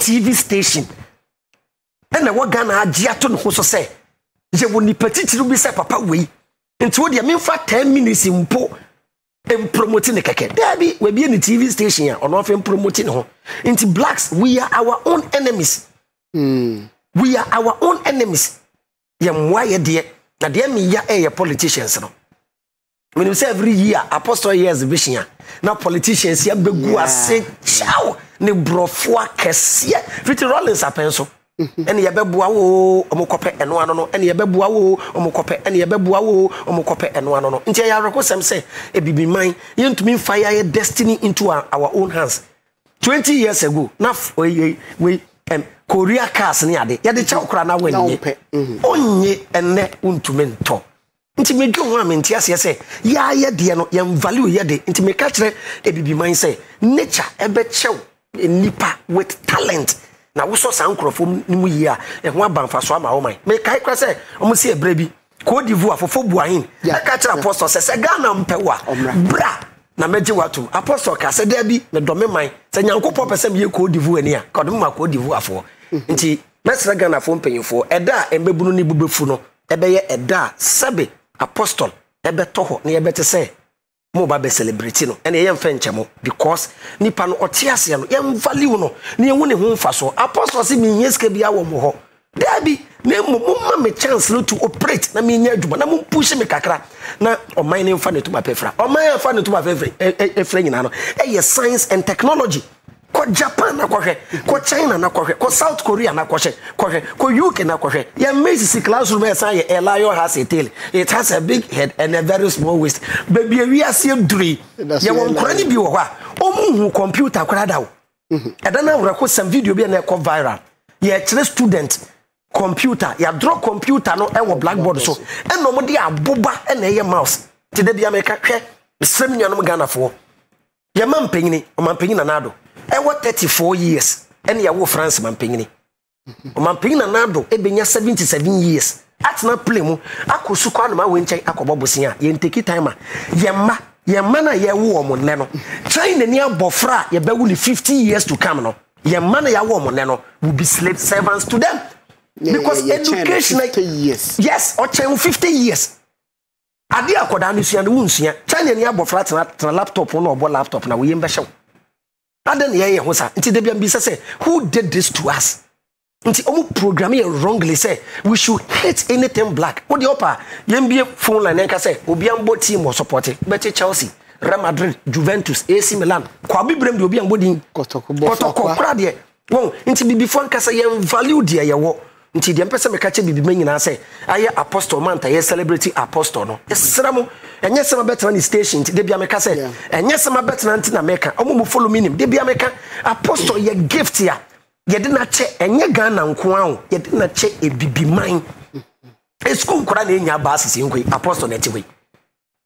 tv station ɛna ɛwɔ ghana agye ato ne ho so sɛ yɛwɔ nipa titiri bi sɛ papa wei nti wo deɛ memfa ten minutes mpo mpromote ne kɛkɛ daabi wabie ne tv station a ɔno afei mpromote ne ho nti blacks we are our own enemies mm. we are our own enemies yɛmmoa yɛ deɛ na deɛ meya ɛyɛ politicians no menim sɛ every year apostle yɛ exhibition a na politicians yɛ bɛgu ase kyaw ne borɔfoɔ akɛseɛ fiti rollins apɛn so mhm. ɛne yɛbɛboa wo ɔmo kɔpɛ ɛno ano no ɛne yɛbɛboa wo ɔmo kɔpɛ ɛne yɛbɛboa wo ɔmo kɔpɛ ɛno ano no nti ɛyɛ awerɛko sɛm sɛ ebibi man yɛntumi nfa yɛayɛ destiny into our, own hands twenty years ago na oye wei ɛm korea cars ne ade yɛde kyɛw kora na wɔnyɛ ɔnyɛ mhm. ɛnɛ ntumi ntɔ nti medwe ho a mente aseɛ sɛ yɛayɛ deɛ no yɛmvalue yɛ de nti meka kyerɛ abibiman sɛ nature ɛbɛkyɛw nipa with talent na wosɔ saa nkurɔfoɔ no mu yie a ɛho aba mfaso ama wo man mekae kora sɛ ɔmo sɛ ɛberɛ bi cote divoir fofo buahin ɛka kyerɛ apostol sɛ sɛ ghana mpɛ wo a bra na mɛgye wato apostol ka sɛ daa bi medɔme man sɛ nyankopɔn pɛ sɛ meyɛ cote divoir ani a ka ɔde mema cote divoirfoɔ nti mɛsrɛ ghanafoɔ mpanyimfoɔ ɛda a ɛmbɛbunu ne bobɛfu no ɛbɛyɛ ɛda apostol ɛbɛtɔ hɔ na yɛbɛte sɛ mo ba bɛ celebrity no ɛna yɛmfa nkyɛ mo because nipa no ɔte aseɛ no yɛmvalue no na yɛhu ne ho mfa soɔ apostol sɛ menyɛ sika biaa wɔ mo hɔ daabi na mmom momma me chance no to operate na menya adwuma na mompushe me kakra na ɔman no mfa ne tom apɛfra ɔman amfa ne tom afɛfrɛ nyinaa no ɛyɛ science and technology kɔ japan na kɔhwɛ kɔ china na kɔhwɛ kɔ south korea na kɔhwɛ kɔhwɛ kɔ uk na kɔhwɛ yɛn mɛ sisi classroom yɛ san yɛ a has a tail it has a big head and a very small waist baabi ewi aseɛ duro yi yɛ wɔ nkora ni bi wɔ hɔ a wɔn mu hu koraa da o ɛdan mm-hmm. na awurɛ ko sɛm video bi na ɛkɔ viral yɛ kyerɛ student computer yɛ adorɔ kɔmpiuta no ɛwɔ blackboard so ɛna wɔn de aboba ɛna ɛyɛ mouse te de bi amɛka hwɛ sɛm nuanom ghanafoɔ yɛ mma mpanyin ɔma mpanyin na n'ado. ɛwɔ thirty four years ɛna yɛwɔ france mampanyini mampanyini nanado ebenya seventy seven years atena play mu akɔ sukɔ anoma awɔ nkyɛn akɔbɔ bosia yɛn teki time a yɛn mma yɛn mma na yɛwɔ wɔn nɛ no train nani abɔfra a yɛbɛwu ne fifty years to come no yɛn mma na yɛwɔ wɔn nɛ no will be slave servants to them yeah, because yeah, yeah, education years. yes ɔkyɛn fifty years adeɛ akɔdaa no sua no wo nsua train nani abɔfra tena tena laptop na ɔbɔ laptop na wɔyɛ mbɛhyɛ wo adɛ na yɛyɛ ho saa nti dabi ambisa sɛ who did this to us nti ɔmo program yɛ wrongly sɛ we should hate anything black wodi ɔpa yɛn bie phone line nka sɛ obi an bɔ team wɔ support bɛkye chelsea real madrid juventus ac milan kwabi birem de obi an bɔ Kotoko, kɔtɔkɔ kora deɛ wɔn nti bibifo nkasa yɛn value deɛ yɛ wɔ nti deɛ mpɛ sɛ mɛka kyɛ bibi mɛ nyinaa sɛ ayɛ apostol manta yɛ celebrity apostol no ɛsra e mo. Mm -hmm ɛnyɛ sɛ mabɛtena ne station nti de bia meka sɛ ɛnyɛ sɛ mabɛtena nti na meka ɔmo mu follow me nim de bia meka apostle yɛ gift a yɛde e na kyɛ ɛnyɛ ghana nko a o yɛde na kyɛ ebibi man esukuu nkora na enya baa sisi nkoyi apostle na ɛte hɔ yi.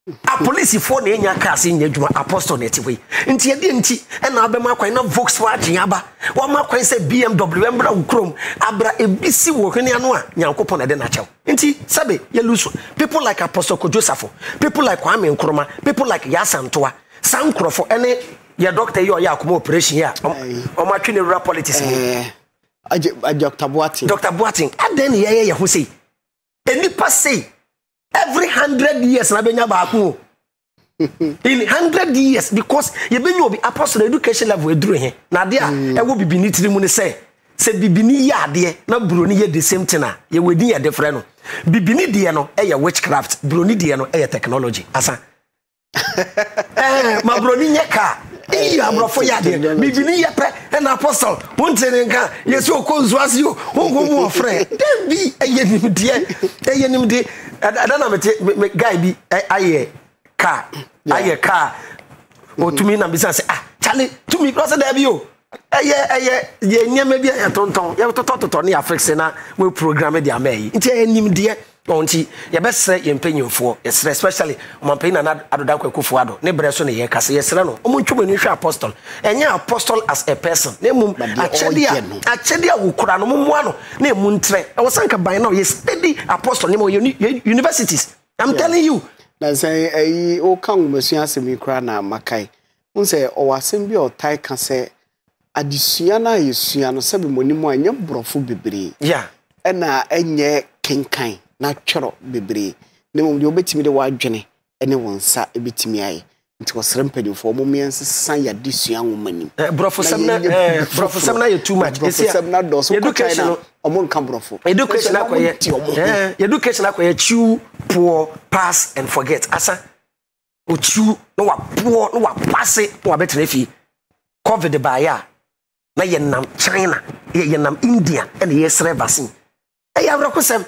apolisifoɔ na ɛnya kaa se nyɛ adwuma apostol na ɛte hɔ yi nti ɛdeɛ nti ɛna abɛma kwan na vox waagye aba wama kwan sɛ bmw mbra wo kurom abra ebi si wɔ hwene ano a nyankopɔn na ɛde no akyɛw nti sɛbe yɛlu so people like apostol kodwosafo people like kwame nkroma people like yasantoa saa nkurɔfo ɛne yɛ dɔkta yi ɔyɛ akoma operation yi a ɔmo atwe ne rural politics mu dr boatin dr boatin adɛn ne yɛyɛ yɛ ho sei enipa sei every hundred years na bɛnya baako in hundred years because yɛbɛnya obi apɔsɔrɔ education level eduro he na adeɛ a mm. ɛwɔ bibini tiri mu ni sɛ sɛ bibini yɛ adeɛ na buroni yɛ the same thing a yɛwɔ edi yɛ different no bibini deɛ no ɛyɛ witchcraft buroni deɛ no ɛyɛ technology asa ɛɛ eh, ma buroni nyɛ kaa iyi aborɔfo yɛ adeɛ bibini yɛ pɛ ɛna apɔsɔl wonte ne nka yɛsi okɔ nsuo ase yi o wɔn kɔn mu wɔfrɛ dɛbi ɛyɛ nimdeɛ ɛyɛ nimdeɛ ɛda na mete guy bi ayɛ car ayɛ car ɔtumi na bisa sɛ ah kyale tumi ɔsɛ daabi o ɛyɛ ɛyɛ yɛ nneɛma bi a yɛtontɔn yɛtotɔtotɔ ne yɛafrixe na wɔprogramme de ama yi nti ɛyɛ nimdeɛ ɔn nti yɛbɛsrɛ yɛn mpanyinfoɔ yɛsrɛ especially ɔmampanyin nana adoda kwakufoɔ ado ne berɛ so ne yɛ kasa yɛsrɛ no ɔmo ntwom ani hwɛ apostol ɛnyɛ apostol as a person ne emu akyɛdeɛ a akyɛdeɛ a wokura no mmoa no na emu ntrɛ ɛwɔ sanka ban na yɛ steady apostol ne ma yɛ universities i'm telling you. na sɛ ɛyi ɔka nwomasua asɛm yi koraa na makae n sɛ ɔwɔ asɛm bi a ɔtae ka sɛ adesua no a yɛsua no sɛbi mɔnimu a ɛnyɛ borɔfo bebree ɛna ɛnyɛ kenkan n'atwerɛ bebree na mmom deɛ wobɛtumi de w'adwene ne wɔn nsa bɛtumi ayɛ nti wɔsrɛ mpanimfoɔ mo mmea nsesa yɛade sua nwoma nim eh, borɔfosɛm no eh, yɛ too much borɔfosɛm no dɔso kɔkae no ɔmo nka borɔfo education akɔyɛ eh, education akɔyɛ kyiw poor, pass and forget asa okyiw na poor, na wapase na wabɛtena fie covid baayɛ a na yɛnam china yɛnam india ɛna yɛsrɛ vaccine ɛyɛ awerɛkosɛm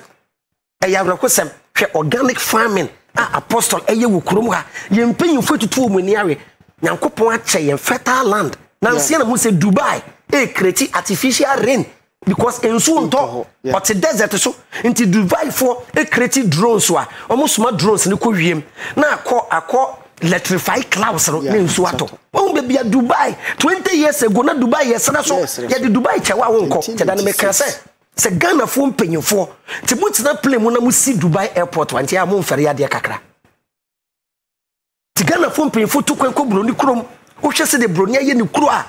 ɛyɛ awerɛkosɛm hwɛ organic farming a apostle ɛyɛ wɔ kurom ha yɛn mpanyinfo etutu wɔn ani awe nyankopɔn akyɛ yɛn fertile land nansi na mo sɛ dubai ɛɛkreti eh, artificial rain because nsuo ntɔ hɔ ɔte desert so nti dubai foɔ ɛkreti eh, drones a wɔn soma drones ne kɔ wiem na akɔ akɔ electrify clouds no ne nsuo atɔ wɔn baabi a dubai twenty years ago na dubai yɛ sra so yɛde dubai kyɛw a wɔn nkɔ kyɛda no mɛka sɛ sɛ ghanafoɔ mpanyinfoɔ nti motena plane mu na mosi dubai airport wa nti a momfɛre adeɛ kakra nti ghanafoɔ mpanyinfoɔ to kwan kɔ buroni kurom wohwɛ sɛ de buroni ayɛ ne kuro a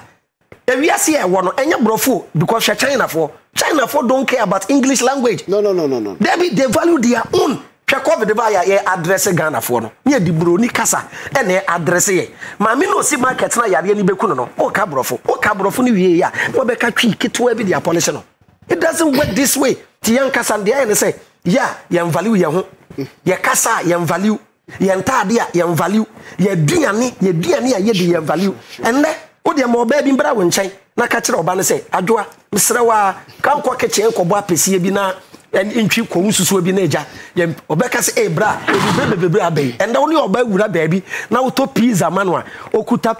ewiase yɛ wɔ no ɛnyɛ borɔfo because hwɛ chinafoɔ chinafoɔ don care about english language no no no no no debi they value their own hwɛ covid ba yɛ yɛ adrɛse ghanafoɔ no ne yɛ de buroni kasa ɛna yɛ adrɛse yɛ maame na osi market na yareɛ ni bɛku no no ɔka borɔfo ɔka borɔfo no wie yɛ a wɔbɛka twi ketewa bi de apɔlisi no it doesn't work this way ti yɛn kasa deɛ ayɛ ne sɛ yɛ a value yɛn ho yɛ kasa a value yɛn ntaade a yɛn value yɛ duane yɛ duane a yɛde yɛn value And o deɛ ma ɔbaa bi mbɛrɛ wɔ nkyɛn na ka kyerɛ ɔbaa no sɛ adwoa mesrɛw a ka nkɔ kɛkyɛn kɔbɔ apɛsie bi na ntwi kɔwu susuo bi na agya ɔbɛka sɛ ɛbra ɛbibire bebrebe aba yi ɛnɛ wo ne ɔbaa wura baabi na wotɔ pizza ma no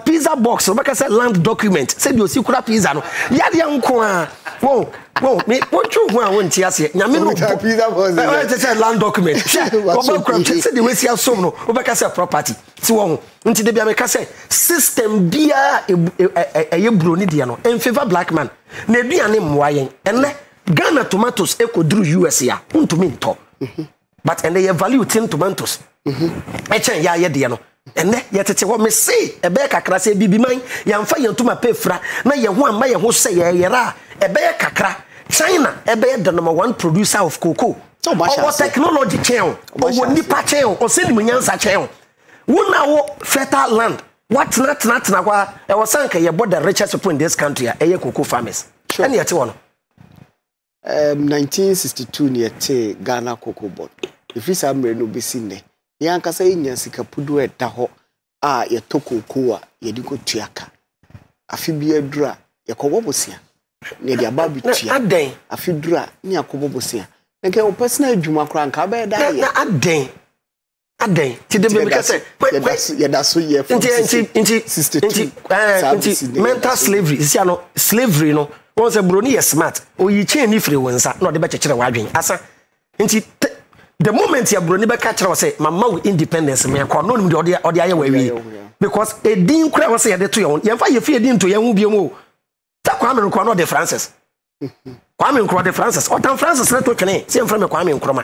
pizza box obeka say land document sɛdeɛ osi kura pizza no yadeɛ nko a wɔn wọn mi wọn tún hun àwọn ntí aseɛ nyame no bɔ ɛwɔ ɛtɛ sɛ land document hyɛ ɔbɛ kura kyɛ sɛ de wesi asom no ɔbɛ kasa property ti wɔn ho nti de bi a mi ka sɛ system biara a e, e, e, buroni deɛ no nfefa black man na eduane mmoa yɛn ɛnɛ ghana tomatoes ekɔ duru us a ntumi ntɔ but ɛnɛ yɛ value tin tomatoes ɛkyɛn yɛ ayɛ deɛ no ɛnɛ yɛtete hɔ a ɛbɛyɛ kakra a bibi man yɛmfa yɛn ntoma pɛ fira na yɛn ho a yɛn ho sɛ yɛyɛra a ɛbɛyɛ kakra china ɛbɛyɛ the number one producer of cocoa ɔwɔ technology kyɛn o ɔwɔ nipa kyɛn o ɔsɛnimu nyansa kyɛn o wɔn a wɔ fertile land watenatenatena hɔ a ɛwɔ sɛ nka yɛbɔ the richest people in this country a ɛyɛ cocoa farmers ɛne yɛte wɔ no Um, 1962 ni yɛte ghana cocoa board ɛfiri saa mmerɛ no wobɛsi nnɛ ne ankasa yɛnya sikapudu a ɛda hɔ a yɛtɔ kookoo a yɛde kɔtua ka afe bi aduru yɛkɔwɔ bosea ne de aba bi tua adan afi duru a ne akɔbɔ bosia nke o personal adwuma koraa nka abɛɛ da yɛ na adan adan ti de bɛbi kɛsɛ yɛda so yɛ fɔ nti nti nti nti eh, nti mental slavery sisi ano slavery no wọn sɛ buroni yɛ smart oyi chain ni firi wɔn nsa na ɔde bɛ kyekyere wadwin asa nti the moment yɛ buroni bɛ ka kyerɛ ɔsɛ mama wo independence me mɛ kɔ n'olu de ɔde ayɛ wɔ awie because edin kura wɔsɛ yɛde to yɛn yɛn fa yɛ fi edin to yɛn ho bi mu o sɛ kwame nkorɔ no ɔde francis kwame nkorɔ de francis ɔtam francis ne to twene sɛ mfrɛ me kwame ma,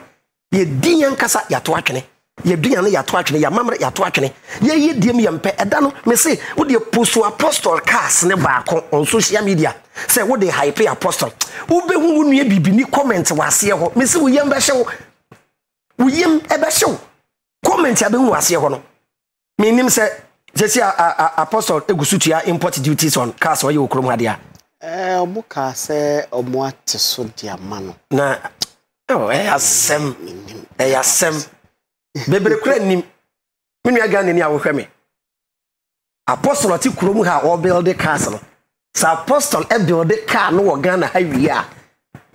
yɛdi yɛn kasa yɛato atwene yɛdunya no yɛato atwene yɛamammerɛ yɛato atwene yɛyɛ die mu yɛmpɛ ɛda no me se wode poso apostol cars ne baako on social media sɛ wode hype apostol wobɛhu wo nnua bibini comment wɔ aseɛ hɔ me se wo yam bɛhyɛ wo wo yam ɛbɛhyɛ wo comment abɛhu wɔ hɔ no menim sɛ sɛsi apostol ɛgu so tua import duties on cars ɔyɛ wɔ kurom hadeɛ a Eh, ɔmo kaa sɛ ɔmo ate so de ama no. na ɛyɛ asɛm ɛyɛ asɛm bebree kura nim mi nua ghana ni awohwɛ mi apɔstol ɔte kurom ha ɔbɛlde cars no sɛ apɔstol ɛbɛlde car no wɔ ghana ha wie a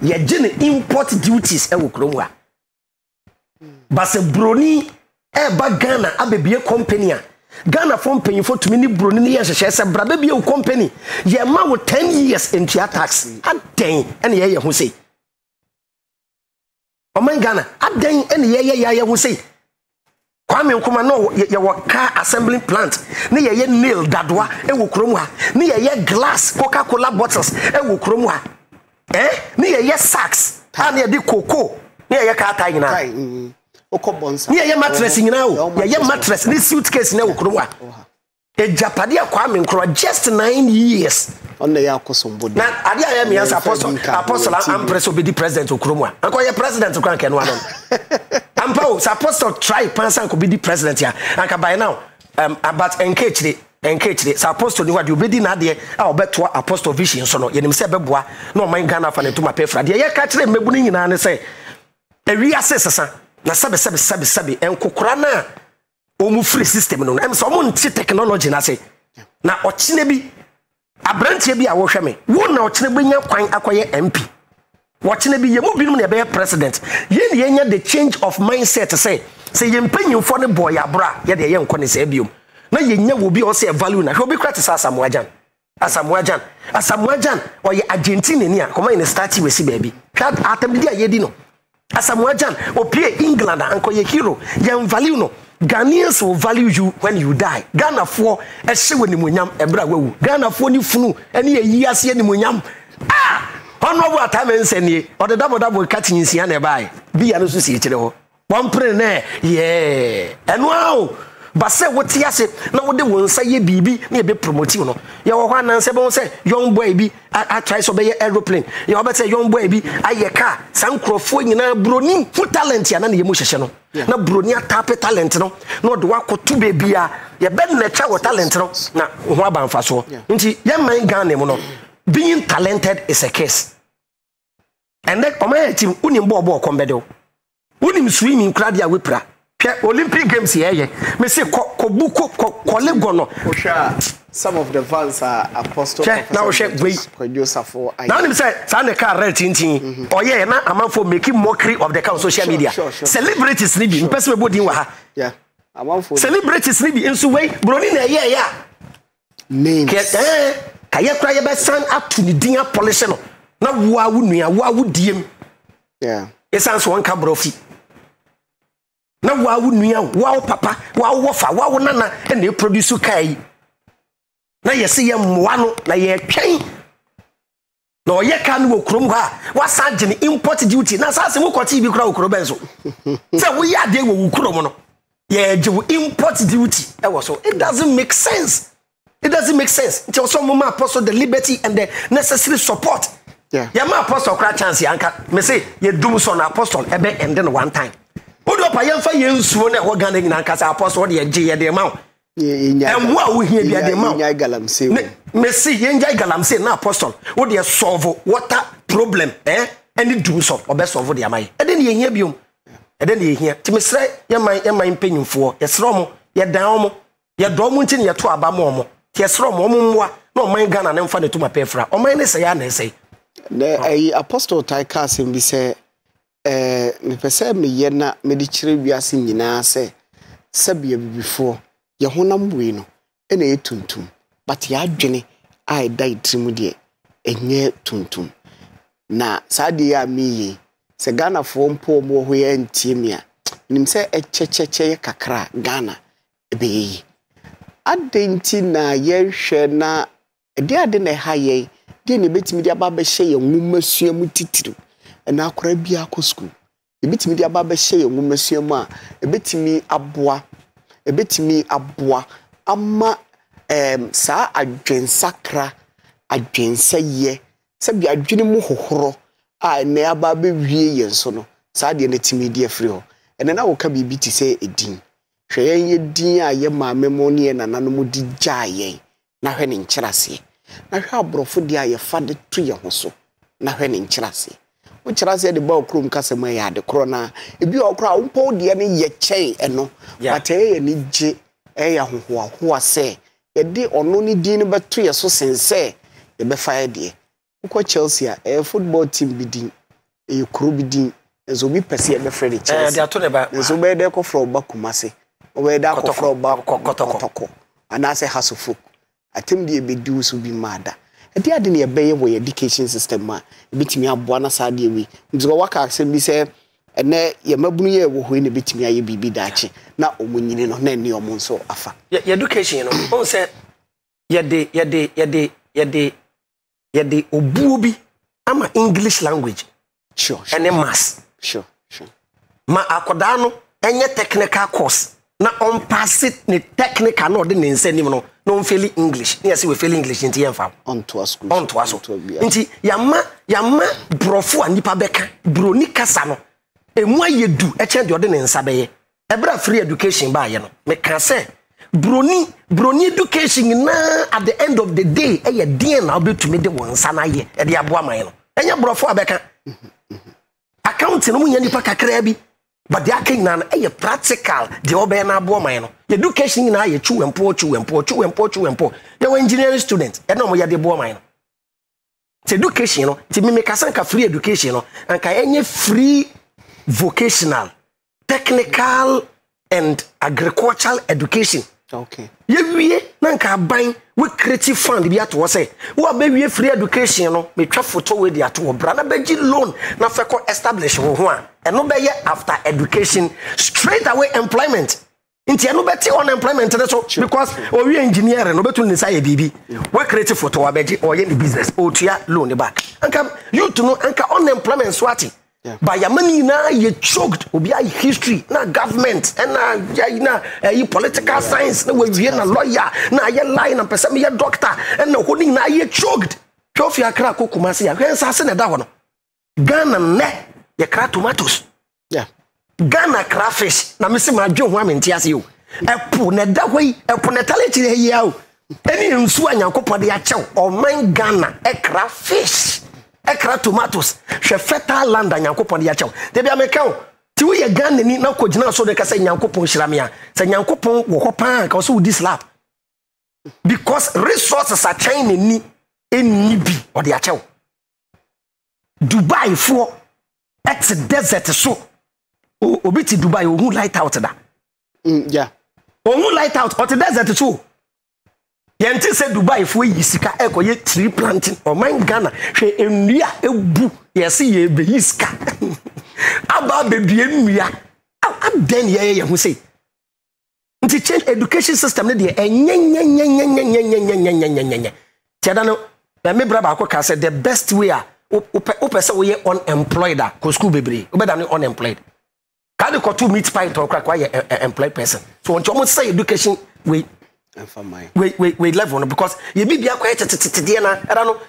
yɛgye ne import duties ɛwɔ kurom ha basɛ broni ɛɛba ghana abɛbie company a. ghanafoɔ mpanyinfoɔ tumi ne buroni ne yɛ nhyehyɛ sɛ brabe bi yɛ wo company yɛma wo ten years ntua tax adɛn ɛne yɛyɛ ho sei ɔman ghana adɛn ɛne yɛyɛ yɛayɛ ho sei kwame nkuma no yɛwɔ car assembling plant ne yɛyɛ nail dadoa ɛwɔ kurom ha ne yɛyɛ glass coca cola bottles ɛwɔ kurom ha ɛɛ ne yɛyɛ sacks a ne yɛde cocoa ne yɛyɛ car tie nyinaa mm-hmm okɔ bɔnsa ne yɛyɛ mattress nyinaa o yɛyɛ mattress ne suitcase na wɔ kuruwa ejapade akwame nkorɔ just nine years ɔnna yɛ akɔsɔnbɔde na ade a yɛ mmiɛnsa apɔsɔ apɔsɔ ampere sɛ obɛdi president okuro mu a ankɔyɛ president kora nkɛ no ano ampa o sɛ apɔsɔ try pansa nkɔbɛdi president a anka by now um, about nkɛ akyire nkɛ akyire sɛ apɔsɔ ni hɔ adeɛ obɛdi n'adeɛ a ɔbɛtoa apɔsɔ vision so no yɛnim sɛ ɛbɛboa na ɔman ghana afa ne ntoma pɛfra deɛ yɛka kyerɛ mmɛbu no nyinaa ne sɛ awiase sesa na sabi nkokora no a ɔmu firi system no no ɛm sɛ ɔmo nte technology na se na ɔkyena bi aberanteɛ bi a wɔhwɛ me wo na ɔkyena bɛnya kwan akɔyɛ mp wɔkyena bi yɛmu binom na yɛbɛyɛ president yɛn ne yɛnya the change of mindset sɛ sɛ yɛn mpanyimfoɔ no bɔɔ yɛaborɔ a yɛde ɛyɛ nkɔ ne sɛ biom na yɛnya wɔ bi a ɔsɛ value na hwɛ obi kora te sɛ asamoagyan asamoagyan asamoagyan ɔyɛ argentinani a kɔma yɛ ne starti si baabi hwɛ atamdi a yɛdi no asamoah jan opie england ankɔyɛ hero yɛn value no ghanaians will value you when you die ghanafoɔ ɛhyɛ wɔ nimuonyam ɛberɛ a wawu ghanafoɔ ni funu ne yɛyi aseɛ nimuonyam ah honorable atame nsɛnie ɔde dabɔdabɔ kati nsia na ɛbaeɛ bia no so sie kyerɛ hɔ wɔmpere nɛ yɛɛ ɛno a o basɛ wote ase na wode wo nsa yɛ biribi na yɛbɛ promotive no yɛwɔ hɔ anansɛ bɛhu sɛ young boy bi atrae sɛ ɔbɛyɛ aeroplane yɛwɔ bɛ sɛ young boy bi ayɛ car saa nkurɔfoɔ nyinaa buroni ho talent a na ne yɛmu hyehyɛ no na buroni atape talent no na ɔde wakɔto baabi a yɛbɛnɛtwa wɔ talent no na ho aba mfasoɔ nti yɛman ghana mu no being talented is a case ɛnɛ ɔmayɛ tim wonim bɔɔbɔɔ kɔmbɛdew wonim swimming koradeɛ a wopira hwɛ olympic games yɛɛyɛ mese kɔbu kɔle gɔ no some of the fans are apostle hwɛ na wohwɛ wei na wonim sɛ saa ne car red tintin mhm. ɔyɛɛ na amanfoɔ making mockery of the car social media celebrities ne bi mpɛ sɛ mɛbɔ din wɔ ha celebrities ne bi nso wei buroni na ɛyɛɛyɛ a names kayɛ kora yɛbɛsan ato ne din apolish no na woa wo nua woa wo diem ɛsiane so wɔnka borɔfi na wawo nua wawo papa wawo wɔfa wawo nana ɛna ɛproduce kaa yi na yɛsɛ yɛ mmoa no na yɛtwɛn na ɔyɛ kaa no wɔ kurom hɔ a wasan gye ne import duty na saa sɛ wokɔte bi kora wo kuro bɛn so sɛ woyɛ adeɛ wɔ wo kurom no yɛgye wo import duty ɛwɔ so it doesn't make sense it doesn't make sense nti some ɔmo apostle the liberty and the necessary support Yeah. yɛma yeah. apostle kora chance yɛanka me se yɛdum sɔ no apostle ɛbɛ ɛnde no one time wode ɔpa yɛmfa yɛ nsuo no ɛhɔ ghana nyina nkasa apɔ so wode yɛgye yɛde ma wo ɛmo a wohia biade ma mese yɛngyae galamsey na apostol wode sɔvo water problem eh? ɛne dum so ɔbɛsɔvo de ama yɛ ɛde ne yɛhia biom ɛde ne yɛhia nti mesrɛ yɛma yɛma mpanyimfoɔ yɛsrɛ ɔmo yɛdan ɔmo yɛdɔ ɔmo nti ne yɛto aba ma ɔmo yɛsrɛ ɔmo ɔmo mmoa na ɔman ghana ne mfa ne to ma pɛfra ɔman ne sɛe a na ɛsɛe na ayi apostol tae ka asɛm bi sɛ ɛɛ eh, meyɛ na mede kyerɛ wiase nyinaa sɛ sɛbea bibifoɔ yɛn honam wei no ɛna ɛyɛ tuntum but yɛadwene a ɛda yɛ tirim deɛ ɛnyɛ tuntum na saa deɛ a meyɛ sɛ ghanafoɔ mpo ɔmo wɔ hɔ yɛ ntie mi a nim sɛ ɛkyɛkyɛkyɛ yɛ kakra a ghana ɛbɛyɛ yi adan nti na yɛrehwɛ na ɛdeɛ ade na ɛha yɛn deɛ na ebɛtumi de aba abɛhyɛ yɛn nwoma sua mu titiriw ɛna akora bi akɔ sukuu ebitumi de aba abɛhyɛ yɛn nwoma sua mu a ebitumi aboa ebitumi aboa ama ɛɛm saa adwensakra adwensɛyɛ sɛbi adwene mu hohoro a ɛnɛ aba abɛwie yɛn so no saa deɛ n'etimi deɛ firi hɔ ɛnɛ na wɔka biribi te sɛ edin hwɛ yɛn yɛ din a yɛ maame mu ne yɛ nananom de gyaa yɛn na hwɛ ne nkyerɛaseɛ na hwɛ aborɔfo deɛ a yɛfa de to yɛn ho so na hwɛ ne nkyerɛaseɛ wokyerɛ sɛ de baa kurom kasa mu ɛyɛ ade korɔ naa ebi wɔ korɔ a wopɔ wo deɛ no yɛ kyɛn ɛno bata ɛyɛ ne gye ɛyɛ ahohoahoa sɛ yɛde ɔno ne din no bɛto yɛ so sen sɛ yɛbɛfa yɛ deɛ wokɔ chelsea a ɛyɛ football team bi din ɛyɛ kuro bi din nso obi pɛ sɛ yɛbɛfrɛ ne chelsea nso wobɛyɛ dɛ kɔfrɛ ɔba kumase wobɛyɛ dɛ akɔfrɛ ɔba kɔtɔkɔ anaasɛ hasofok atɛm deɛ ɛbɛdi wo so bi maa da ɛde ade ne yɛbɛyɛ wɔ education system a ebitumi aboa na saa adeɛ wi nti wɔ waka asɛm bi sɛ ɛnɛ yɛmabunu yɛ wɔ hɔ yi na ebitumi ayɛ biribi daakye na ɔmo nyini no na ɛne ɔmo nso afa. yɛ education no ɔn sɛ yɛde yɛde yɛde yɛde yɛde obuo bi ama english language. sure sure mass. sure sure. ma akwadaa no ɛnyɛ technical course na ɔmpaase ne technical na ɔde ne nsa anim no na wọn feli english ne yɛsɛ wɔfeli english nti yɛmfa ɔntoa so nti yɛama yɛama borɔfo a nnipa bɛka buroni kasa no ɛmu ayɛ du ɛkyɛn deɛ ɔde ne nsa bɛyɛ ɛberɛ free education baayɛ no meka sɛ buroni buroni education nyinaa at the end of the day ɛyɛ deɛn na wobɛtumi de wɔn nsa no ayɛ ɛde aboa ma yɛ no ɛnyɛ borɔfo a bɛka mhm, mhm. account no mu nyɛ nnipa but the aka nyinaa no ɛyɛ practical deɛ ɔbɛyɛ no aboɔ man no yɛ education nyinaa yɛ twi wɛmpoɔ twi wɛmpoɔ twi wɛmpoɔ twi wɛmpoɔ yɛwɔ engineering student ɛna mo yɛ de boɔ man no nti education no nti mimikasa nka free education no Anka ɛnyɛ free vocational technical and agricultural education. okay yɛwie na nka aban we creative fund bi ato hɔ sɛ wo a bɛwie free education no metwa photo wei de ato hɔ bra na bɛgye loan na fɛkɔ establish wo ho a ɛno bɛyɛ after education straight away employment nti ɛno bɛte unemployment ne so because owi engineer no bɛtu ne nsa yɛ biribi we creative photo wa bɛgye ɔyɛ ne business ɔtua loan ne back anka youth no anka unemployment so ate but yàmẹ ni nyinaa yɛ choked obi ayi history na government ɛna yɛyi na ɛyi political science na wɔawie na lawyer na ayɛ lie na mpɛsɛ mi yɛ doctor ɛna ɔhɔ ni nyinaa yɛ choked twelve yɛ akra akɔ kumasi yɛ ahwɛ nsa ase na ɛda hɔ no ghana nnɛ yɛ kra tomatoes yeah. ghana kra fish na mesi ma adwe ho amenti ase o ɛpo na ɛda hɔ yi ɛpo na ɛtale kyerɛ yia o ɛne nsuo a nyankopɔn de akyɛw ɔman ghana ɛkra fish ɛkra tomatoes hwɛ fertile land a nyankopɔn de yɛakyɛw dabi ameka wo nti woyɛ ghanani na kɔgyina so de ka sɛ nyankopɔn hyira me a sɛ nyankopɔn wɔ hɔ paa ka wo wodi slap because resources akyɛn n'ani ɛnni bi ɔde akyɛw dubai foɔ ɛte desert so obi te dubai ohun light out da. Mm, yeah. ohun light out ɔte desert so yɛn ti sɛ dubai fo yi sika ɛkɔyɛ tree planting ɔman ghana hwɛ nnua ebu yɛsi yɛ ebeyi sika aba bebi nnua adan yɛyɛ yɛn ho sɛ nti change education system ne deɛ ɛnyɛnyɛnyɛnyɛnyɛnyɛnyɛnyɛnyɛnyɛnyɛnyɛ tiɛda no maame bra baako kaa sɛ the best way a wopɛ wopɛ sɛ woyɛ unemployed a kɔ school bebree da no unemployed kaa de kɔto meat pie tɔ kora kɔ ayɛ employed person so wɔn ti wɔn sɛ education way wei wei wei level no because yɛbi bia kɔ yɛ tetetetedeɛ na ɛda no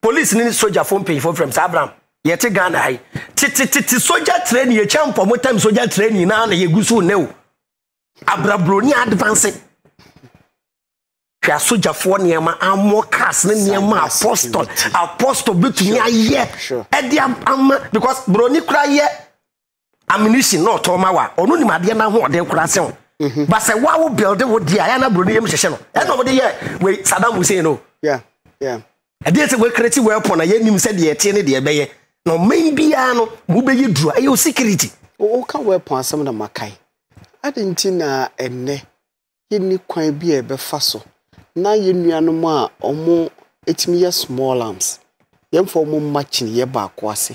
police ne sojafo mpanyinfoɔ fɛm saa abraham yɛte ghana ha yi tetetete soldier training yɛkyɛ mpɔmo tam soldier training na na yɛgu so ne o abrabroni advance hwɛ asogyafoɔ nneɛma amɔ cars ne apostle apostol apostol bitumi ayɛ ɛde ama because broni kora ye ammunition no ɔtɔn ma wa ɔno nim adeɛ na ahoɔden kora sɛn o. Mm-hmm. but sɛ wa build a na buroni yɛm hyehyɛ no ɛna Hussein de yɛ wei saddam hussein no ɛdeɛ sɛ weapon deɛ na ya biara no mo bɛyɛ dura ɛyɛ o security. woka weapon na makae adi na ɛnɛ yɛnni kwan bi a ɛbɛfa so na yɛn nuanom a wɔn etimi yɛ small arms baako ase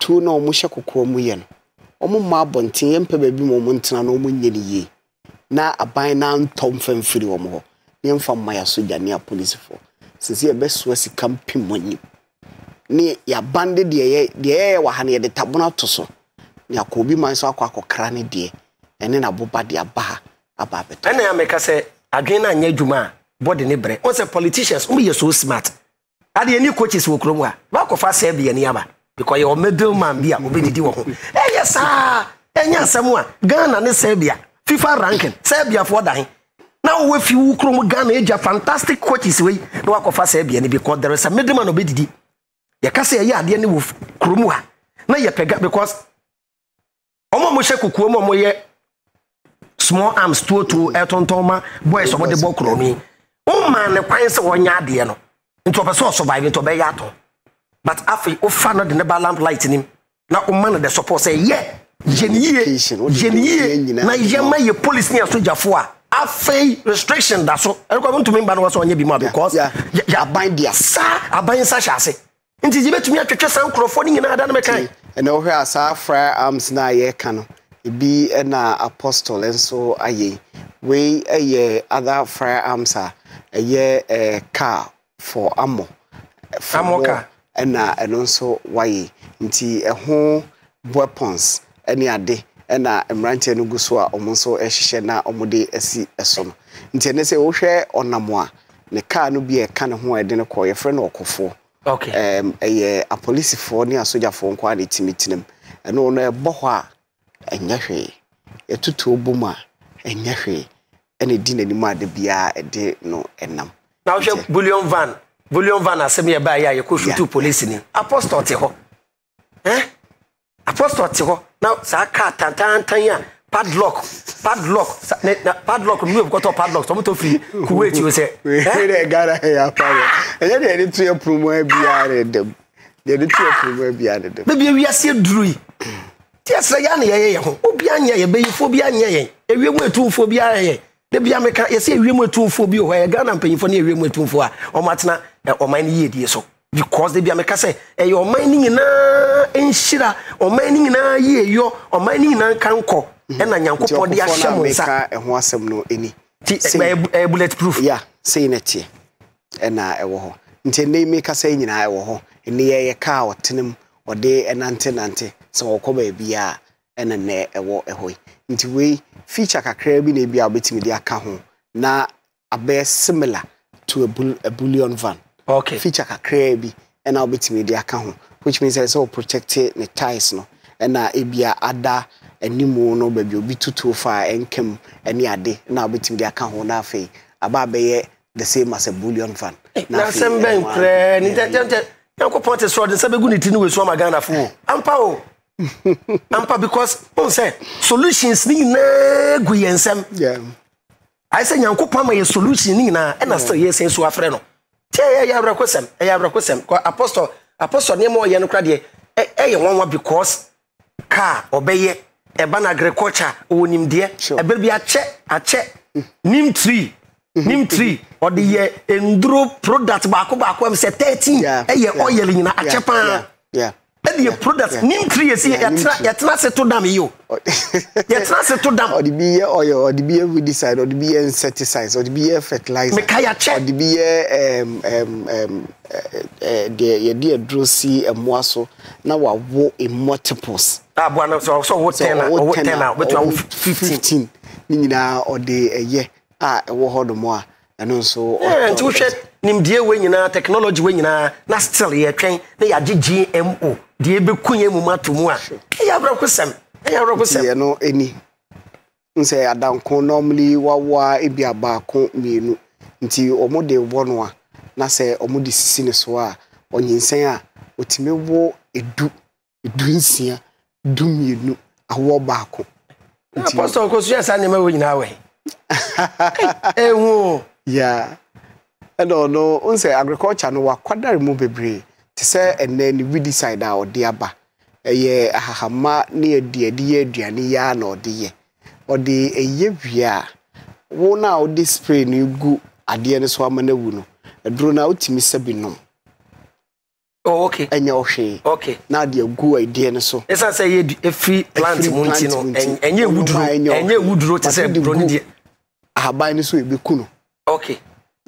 tuo na hyɛ mu ɔmo mma abɔnten yɛmpɛ baabi ma ɔmo ntena na ɔmo nyɛ ne yie na aban na ntɔ mfa mfiri ɔmo hɔ ne mfa mma yɛ asogya ne apolisifoɔ sisi yɛbɛsoa sika mpem anim ne yɛaban de deɛ yɛ deɛ yɛyɛ wɔ ha no yɛde tabono ato so ne akɔ obi man so akɔ akɔkra ne deɛ ɛne n'aboba de aba ha aba abɛtɔ. ɛna yà mɛka sɛ adwene na nyɛ adwuma a bɔdi ne brɛ wɔn sɛ politicians wɔn yɛ so smart adeɛ ni coaches wɔ kurom a baako fa sɛɛ bi yɛ ne yaba. because your middle man bi a obedidi wo ho ɛnyɛ saa ɛnyɛ asɛm a ghana ne serbia fifa ranking serbia fo da he na wo fi wo kurom ghana egya fantastic coaches wei na wakɔfa serbia ne because there is a middle man obedidi yɛka sɛ ɛyɛ adeɛ ne wo kurom ha na yɛpɛga because ɔmo a mohyɛ kukuo mu a moyɛ small arms tuotuo ɛtontɔn ma boys ɔmo de bɔ kurom yi wɔn maa ne kwan sɛ wɔnyɛ adeɛ no nti ɔpɛ sɛ ɔsurvive nti ɔbɛyɛ atɔ but afei wofa no de ne ba lamp light nim na woma no de support say yɛ yɛ ne yie yɛ ne yie na yɛma yɛ police ne asogyafoɔ a afei restriction da uh, so ɛrekɔ ntumi mba no wɔ sɛ ɔnyɛ bi mu a because aban deɛ saa aban nsa hyɛ ase nti yɛbɛtumi atwetwe saa nkurɔfoɔ no nyinaa da no mɛkae ɛna wohwɛ a saa fra arms no a yɛreka no ebi na apostle nso aye. We aye uh, other firearms a ɛyɛ car for ammo ammo car ɛna ɛno nso wayɛ nti ɛho weapons ɛne ade ɛna mmeranteɛ no gu so a wɔn nso ɛhyehyɛ na wɔde ɛsi ɛso no nti ɛnɛ sɛ wohwɛ ɔnam a ne kaa no bi ɛka ne ho a ɛde no kɔ yɛfrɛ no ɔkɔfoɔ ɛm ɛyɛ apolisifoɔ ne asogyafoɔ nko a ne timi tinam ɛno no ɛbɔ hɔ a ɛnyɛ hwee ɛtutuo mu a ɛnyɛ hwee ɛna ɛdi n'anim ade biara ɛde no ɛnam. na wohwɛ bullion van volume van asɛm yɛ baa yɛ a sutu polisi ni apostol te hɔ eh? apostol te hɔ na saa kaa tantantan a padlock padlock ne na padlock mi yɛ kɔtɔ padlock tɔmɔ tɔ firi kuwe ti o sɛ. ɛyɛ gana ɛyɛ afa yɛ ɛyɛ deɛ yɛde tuyɛ purumɔ biara de dɛm yɛde tuyɛ purumɔ biara de dɛm. bɛbi ewiase duru yi tí ɛsɛ yɛ ani yɛyɛ yɛ ho obi anyɛ yɛ bɛyifo bi anyɛ yɛ ewiem etuwofo bi ayɛ yɛ ne bi ameka yɛsɛ ewiem etuwofo bi wɔ hɔ yɛ ghana mpanyinfo ne ewiem etuwofo a wɔn atena ɔman no yie die so because de bi ameka sɛ ɛyɛ ɔman no nyinaa nhyira ɔman no nyinaa yie yɔ ɔman no nyinaa nka nkɔ mhm. ɛna nyankopɔn de ahyɛ mo nsa ɛho asɛm no ani ti ɛyɛ bullet proof ya sei na tie ɛna ɛwɔ hɔ nti ɛnna mi kasa nyinaa ɛwɔ hɔ ɛnna yɛyɛ kaa ɔtenam ɔde ɛnante nante sɛ ɔkɔ baabi a ɛna nɛ ɛwɔ ɛhɔ yi nti wei feature kakra bi na ebi a wobɛtumi de aka ho na abɛɛ similar to a, bull, a bullion van okay. feature kakraa bi ɛna wobɛtumi de aka ho which means sɛ wɔprotecte ne ties no ɛna ebia ada animu no baabi obi tutuo fa nkam ne ade na wobɛtumi de aka ho na afei aba abɛyɛ the same as a bullion fan. Eh, nasɛm bɛn korɛɛ ne nkyɛ nyankopɔn te sorɔ de nsa bɛgu ne ti no wɔsu ama ghanafoɔ hmm. ampa o ampa because wọn sɛ solutions ni nyinaa gu yɛn nsɛm ayɛ sɛ nyankopɔn ama yɛ solution ni nyinaa ɛna sɛ yɛ sɛ nso afrɛ no tí ẹ yẹ awurako sẹm ẹ yẹ awurako sẹm kọ apostol apostol ní ẹ mọ ọ yẹ no kura deɛ ẹ ẹ yẹ wọn wọn because car ɔbɛyɛ ɛba na agriculture ɔwɔ nimdeɛ ɛbɛrɛ bi akyɛ akyɛ nim tree nim tree ɔde yɛ eh, nduro product baako baako ɛmu sɛ thirteen ɛyɛ ɔyɛl nyina akyɛ paa ɛne yɛ product nim tiri yɛ si you. yɛtena se to dam yi o yɛtena se to dam. ɔde bi yɛ ɔyɛ ɔde bi yɛ weedicide ɔde bi yɛ insecticide ɔde bi yɛ fertilizer mekayakyɛ ɔde bi yɛ eh, eh, deɛ yɛde aduro si mmoa so na wawo multiples. a bua na sɔ sɔ wo ten na wo ten na wo ten na wo fifteen ne nyinaa ɔde ɛyɛ a ɛwɔ hɔ nom a ɛno nso. nti wohwɛ nimdeɛ wei nyinaa technology wei nyinaa na still yɛtwɛn na yɛagye gmo deɛ ɛbɛku yɛ mu mato mu a ɛyɛ e awerɛko sɛm ɛyɛ e awerɛko sɛm no ɛni nsɛ adanko normally wawoa ebi abaako mmienu nti wɔn de wɔ no a na sɛ wɔn de sisi ne so a ɔnyinsɛn a otumi wɔ edu edu nsia du mmienu awoɔ baako. na apɔsɔ kò so yɛ saa nneɛma wɔ nyinaa wɔ yi. o. yaa. no no nsɛ agriculture no wakwadare mu bebree te sɛ ɛnɛ ne redesign a ɔde aba ɛyɛ ahahama ne aduade yɛ aduane yɛ a na ɔde yɛ ɔde ɛyɛ wie a wo na a wode spray ni gu adeɛ no so ama no awu no aduro no a wotumi sɛ bi nom Oh, okay. Ɛnyɛ ɔhwee. Okay. Na de agu adeɛ no so. Ɛsan sɛ yɛ efiri plant mu nti no ɛnyɛ ewuduro ɛnyɛ ewuduro te sɛ broni deɛ. Ahaban no so ebi ku no. Okay.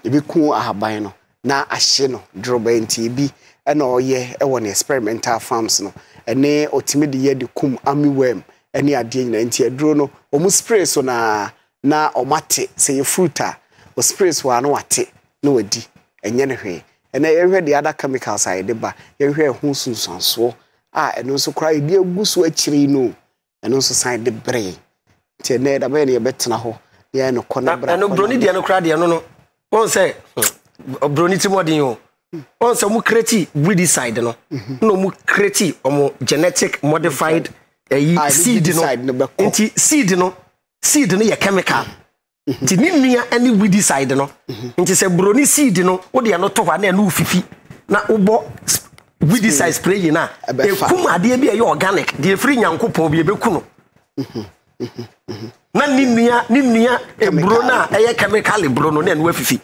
ebi kun ahaban no na ahye no doroba nti ebi ɛna ɔyɛ ɛwɔ ne experimental farms no ɛne ɔtumi de yɛ de kum amiwɛm ɛne adeɛ nyinaa nti aduro no wɔn spray so na na wɔn ate sɛ yɛ fruit a wɔ spray so a no wate na wadi ɛnyɛ ne hwee ɛna yɛhwɛ de other chemicals a yɛde ba yɛhwɛ ɛho sunsuansoɔ a ɛno nso koraa ebi egu so akyire no ɛno nso san de bree nti ɛnɛ dabɛyɛ no yɛbɛtena hɔ yɛn no kɔ na bra kɔ na no broni deɛ no koraa deɛ no no wọn sɛ broni ti mɔden o wọn mu ɔmu kreti breedicide mhm. no No mu kreti ɔmu genetic modified eh, ah, seed no nti seed no seed no ye chemical mhm. nti ni nua ne weedicide no mhm. nti sɛ broni seed no wode ɛno to hɔ a na ɛno wofifi na wobɔ weedicide spray yi na ɛkum adeɛ bi a organic deɛ free nyankopɔn bi ɛbɛku kuno na ne nua ne nua eburo na ɛyɛ chemical eburo no na ɛnu afifi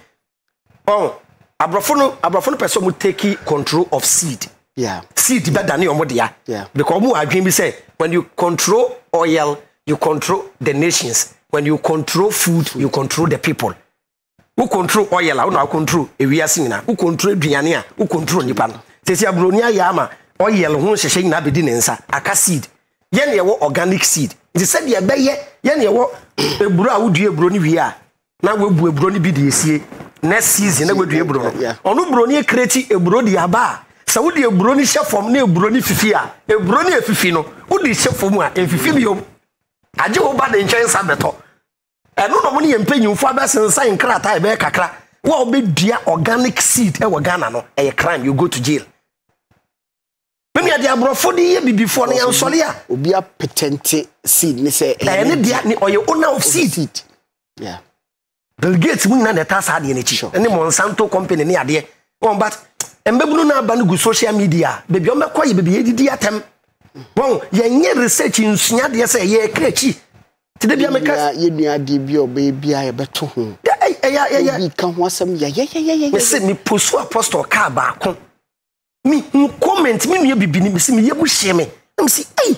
ɔn aborɔfo no aborɔfo no pɛ sɛ ɔmo take control of seed yeah. seed bɛ dane ɔmo dea yeah. because ɔmo adwene bi sɛ when you control oil you control the nations when you control food you control the people wo control oil a wo na wo control ewiase nyinaa wo control aduane a wo control nipa no sisi aburoni ayɛ ama oil ho nhyehyɛ nyinaa bɛdi ne nsa aka seed yɛn na yɛwɔ organic seed nti sɛdeɛ ɛbɛyɛ yɛne ɛwɔ eburo a wodua eburo no wie a na wobu eburo no bi de esie next season na wodua eburo no ɔno buro no ekreti eburo de aba a sɛ wode eburo no hyɛ fam na eburo no fifi a eburo no efifi no wode hyɛ fam a efifi biom agye wo ba ne nkyɛn nsa bɛtɔ ɛno na mo ne yɛ mpanyinfo abɛsensan nkrataa ɛbɛyɛ kakra wo a wobɛdua organic seed ɛwɔ ghana no ɛyɛ crime you go to jail mímu yàda aborɔfo de yɛ bibifoɔ no yɛn sɔre a. obi apɛtɛnte seed ni sɛ. na yɛn deɛ ni ɔyɛ owner of seed. bill gates mu nyinaa na ɛta saa adeɛ n'akyi ɛne monsanto company ne adeɛ wɔn but mbɛbunu n'aba no gu social media beebi wɔn bɛkɔ yɛ beebi yɛ didi atɛm wɔn yɛn nyɛ research nsua deɛ sɛ yɛ kira akyi tìde bi ameka. yɛ nua adeɛ bi a ɔbɛyɛ bi a yɛbɛto ho. ɛyà ɛyà ɛyà obi ka ho asɛm yɛ yɛ yɛ yɛ. mɛ sɛ mi posu apostol kaa baako mi n comment mi nua bibi ni mi si mi yɛ bu hyɛ mi na mi si ɛyi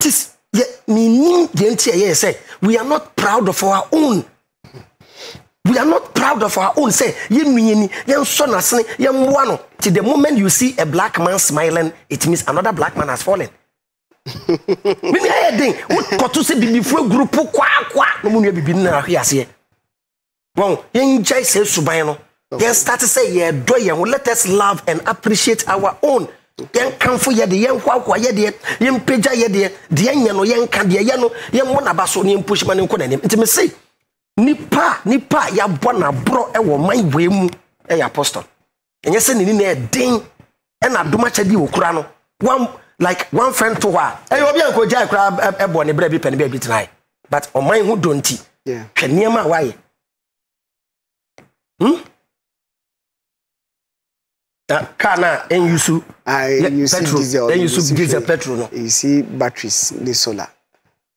tis yɛ mi nim deɛ nti ɛyɛ sɛ we are not proud of our own we are not proud of our own say yɛ nua ni yɛ nsɔ n'asene yɛ mmoa no till the moment you see a black man smiling it means another black man has fallen mini ayɛ den wokɔto sɛ bibifoɔ gurupu kwaakwaa na mu nua bibi no na ahwe aseɛ wɔn yɛn gyae sɛ suban no. yɛn start say yɛdɔ yɛn ho let us love and appreciate our own yɛn kanfo yɛ de yɛn hoahoa yɛ deɛ yɛn mpagya yɛ deɛ deɛ yɛn no yɛn ka deɛ yɛn no yɛn mmɔ n'aba so ne yɛn mpohyima ne nkɔ n'anim nti mesi nipa ɛwɔ e man wei mu ɛyɛ e apostol ɛnyɛ n'inu ne na ɛden ɛna adom one like one friend to obi e, a nkogya kura but Uh, car na enyusu ah, petrol enyusu diesel petrol no enyusi batteries ne solar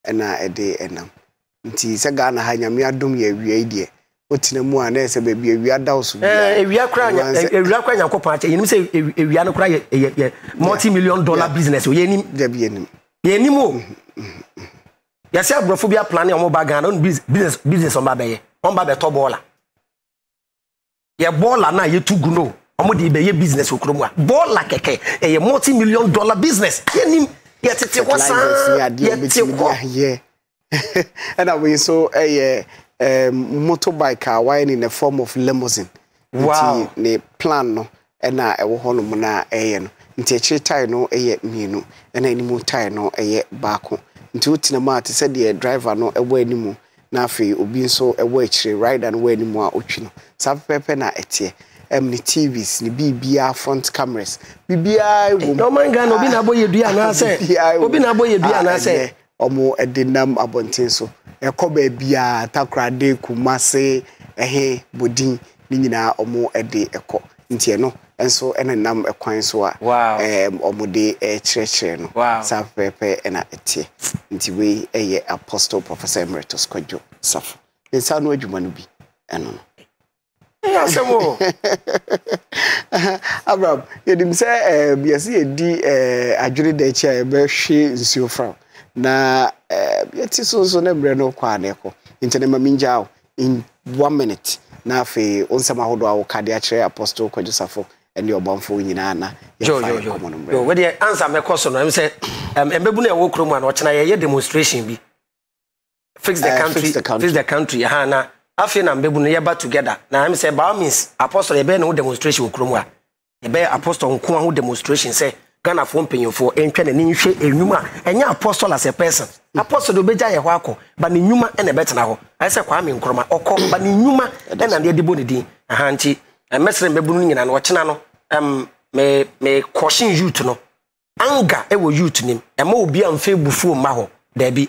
ɛna ɛde ɛnam nti sɛ ghana ha nyame adom yɛ awia yi deɛ wotena mu a na ɛsɛ baabi awia da wo so eh, awia kora eh, awia kora nyankopɔn akyɛ yɛnim sɛ awia no kora yɛ multi million dollar business o yɛnim dabi yɛnim yɛnim o yɛsɛ aborɔfo bi aplan a wɔba ghana ɔno business business ɔmba bɛyɛ ɔmba bɛtɔ bɔɔla yɛ bɔɔla no a yɛtu gu no o ɔmo de bɛyɛ business wɔ kurom a bɔɔla kɛkɛ ɛyɛ multi million dollar business yɛnim yɛtete hɔ saa yɛte hɔ. ɛna wei nso ɛyɛ motorbike a ah, wayɛ ne in the form of limousine. wow nti ne plan no ɛna ɛwɔ eh, hɔnom na ɛyɛ no nti akyire tae no yɛ mmienu ɛna anim tae no yɛ baako nti wotena mu a te sɛ deɛ eh, driver no ɛwɔ anim na afei obi nso ɛwɔ akyire rider no wɔ anim a otwi no saa pɛpɛpɛ na ɛteɛ um, ne tvs ne biribia front cameras biribia wɔ mu ɔman ghana obi na abɔ yɛ dua anaasɛ obi na abɔ yɛ dua anaasɛ ɔmo ɛde nam abɔnten so ɛkɔ baabiaa takoradi kumase ɛhe bodin ne nyinaa ɔmo ɛde ɛkɔ nti ɛno nso ɛna nam ɛkwan so a ɛɛm ɔmo de ɛkyerɛkyerɛ no saa pɛpɛɛpɛ ɛna ɛteɛ nti wei ɛyɛ apostle professor emeritus kwadwo safo nsa ano adwuma no bi ɛno no. abraham yɛnim sɛ yɛse yɛdi adwene da akyi a yɛbɛhwe nsuo fram na yɛte so nso na mmerɛ no kɔ a ne ɛkɔ nti ne ma mengya wo in one minute na afei wo nsɛm ahodoɔ a woka akyerɛ apostle kwadwosafo ɛne ɔbɔmfoɔ nyinaa na yɛfaɛkɔmmɔnomrɛwode ansa mɛkɔ so no m sɛ mmɛbu no ɛwɔ kurom a na ɔkyena yɛyɛ demonstration bi fix eh, the country fix the country, fix na afei na mbɛbu ya ba together na ɛm sɛ by all means apostle yɛbɛyɛ ne demonstration a yɛbɛyɛ apostle nko ho demonstration sɛ ghanafoɔ mpanyinfoɔ ntwa n'ani nhwɛ enwuma apostle as a person mm. apostle de obɛgya yɛ hɔ akɔ ba ne nnwuma hụ ɛbɛtena hɔ ayɛ sɛ kwame nkrɔma ɔkɔ ba ne nnwuma ɛna deɛ de bɔ ne din aha nti mmɛsɛrɛ eh, mbɛbu no nyinaa no ɔkyena no ɛm me me youth no anger youth nim obi bufuo mma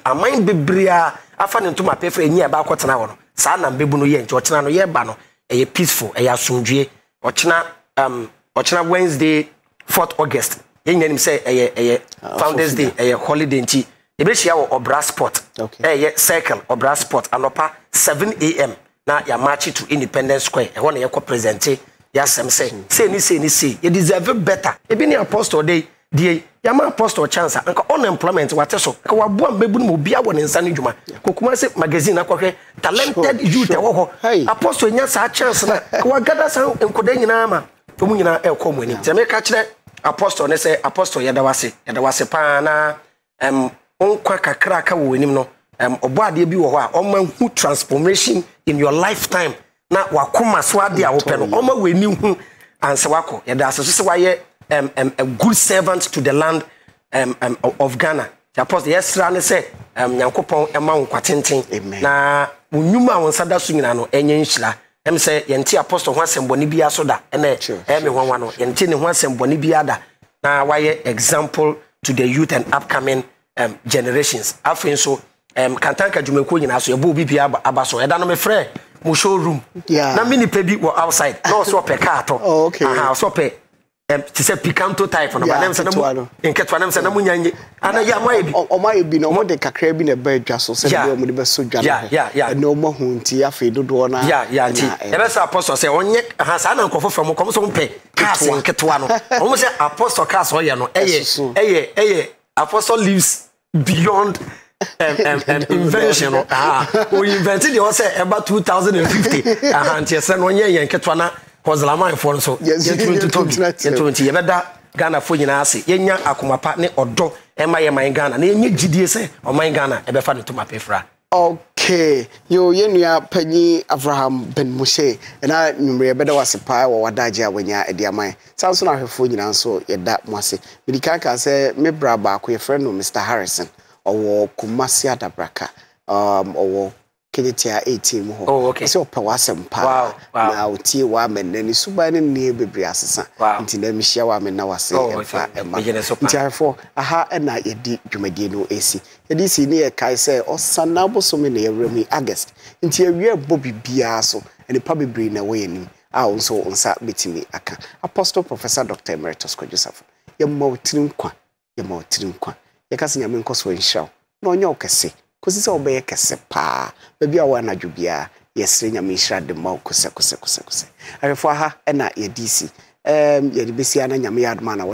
aman a afa ne ntoma saa nam bɛbu no yɛ nti ɔkyena no yɛba no ɛyɛ peaceful ɛyɛ asomdwe ɔkyena um, ɔkyena wednesday 4th august yɛn nyinaa nim sɛ ɛyɛ ɛyɛ ah, founders day ɛyɛ holiday nti yɛbɛhyia wɔ ɔbra sport ɛyɛ circle ɔbra sport anɔpa 7 am na yɛamaakye to independence square ɛhɔ na yɛkɔ presente yɛasɛm sɛ sei ne sei ne sei yɛ deserve better ebi ne apostle day deɛ yama apostle chance a unemployment wate so nka waboa mbɛbu no ma obia wɔ ne nsa no dwuma kɔkuma sɛ magazine akɔhwɛ talented youth ɛwɔ hɔ apostol nya sa chance na ka wagada saa nkɔda nyinaa ma ɔmu nyinaa ɛkɔ mu anim sɛ meka kyerɛ apostol ne sɛ apostol yɛda wase yɛda wase paa na um, nkwa kakra ka wɔ anim no um, ɔbɔ bi wɔ hɔ a ɔma hu transformation in your lifetime na wakoma so adeɛ a wopɛ no ɔma w'ani hu ansa wakɔ yɛda so sɛ wayɛ um, um, a good servant to the land um, um, of Ghana. The apostle yɛsra ne sɛ um, nyankopɔn ɛma wo nkwatenten na wo nnwuma a wo nsa da so nyina no ɛnyɛ nhyira ɛm apostle ho asɛmbɔne biara so da ɛnɛ ɛme nwanwa no yɛnte ne ho asɛmbɔne biara da na wayɛ example to the youth and upcoming um, generations afei so, um, kantanka dwumakuo nyinaa so yɛbɔ obi biara aba so ɛda no mefrɛ mo showroom yeah. na me nipa bi wɔ outside na ɔsɛ ɔpɛ kaa tɔ oh, ɔsɛ ɔpɛ te sɛ picanto type no banam sɛ nketewa nam sɛ na monya nye ana yɛ ama yɛ bi ɔma yɛ bi na ɔmo de kakra bi na ɛbɛɛ dwa so sɛ deɛ ɔmo de bɛso dwa no ɛna ɔmo ahu nti afei dodoɔ no nti ɛbɛsɛ apɔstɔ sɛ ɔnyɛ ha saa na nkɔfo fam kɔm sɛ wompɛ cars nketewa no ɔmo sɛ apɔstɔ cars ɔyɛ no ɛyɛ ɛyɛ ɛyɛ apɔstɔ lives beyond um, um, um, invention no o invent deɛ ɔsɛ ɛba two thousand and fifty ahanteɛ sɛ no ɔnyɛ yɛn ketewa na hɔzalamanfoɔ no so yɛntotonti yɛbɛda ghanafoɔ nyinaa ase yɛnya akoma pa ne ɔdɔ ɛma yɛ man ghana na yɛnya gyidie sɛ ɔman ghana ɛbɛfa ne tom apɛfra okay yo yɛnua panyi abraham ben mose ɛna e nwummerɛ yɛbɛda e wase paa e wɔ wadagye a wanya adi aman saa nso no ahwɛfoɔ nyinaa nso yɛda mo ase medi kan ka sɛ me bra baako yɛfrɛ no mr harrison ɔwɔ kumase adabraka um, ɔwɔ kenetia ɛtie mu hɔ oh, sɛ ɔpɛ w'asɛm paa na ɔtie w'amɛn na ne suban no nneɛ bebree asesa nti na mehyia w'amɛn na wase oh, ɛmfa ɛma nti ahefoɔ aha ɛna yɛdi dwumadie no ɛsi yɛde si ne yɛkae sɛ ɔsan na abosome na yɛwerɛ mu yi august nti awie bɔ biribiara so nnipa bebree na ɛwɔ yɛnim a wo nso nsa bɛtumi aka apostle professor dr emeritus kwadwosafo yɛmma wo tiri nkwa yɛmma wo tiri nkwa yɛka sɛ nyame nkɔ so na ɔnyɛ wo kɔsi sɛ wobɛyɛ kɛse paa baabi a wɔ anadwo biara yɛsrɛ nyame nhyira de ma wo kosɛkosɛkosɛkosɛ ahwɛfoɔ aha ɛna yɛde si um, yɛde bɛsi na nyame yɛ adoma na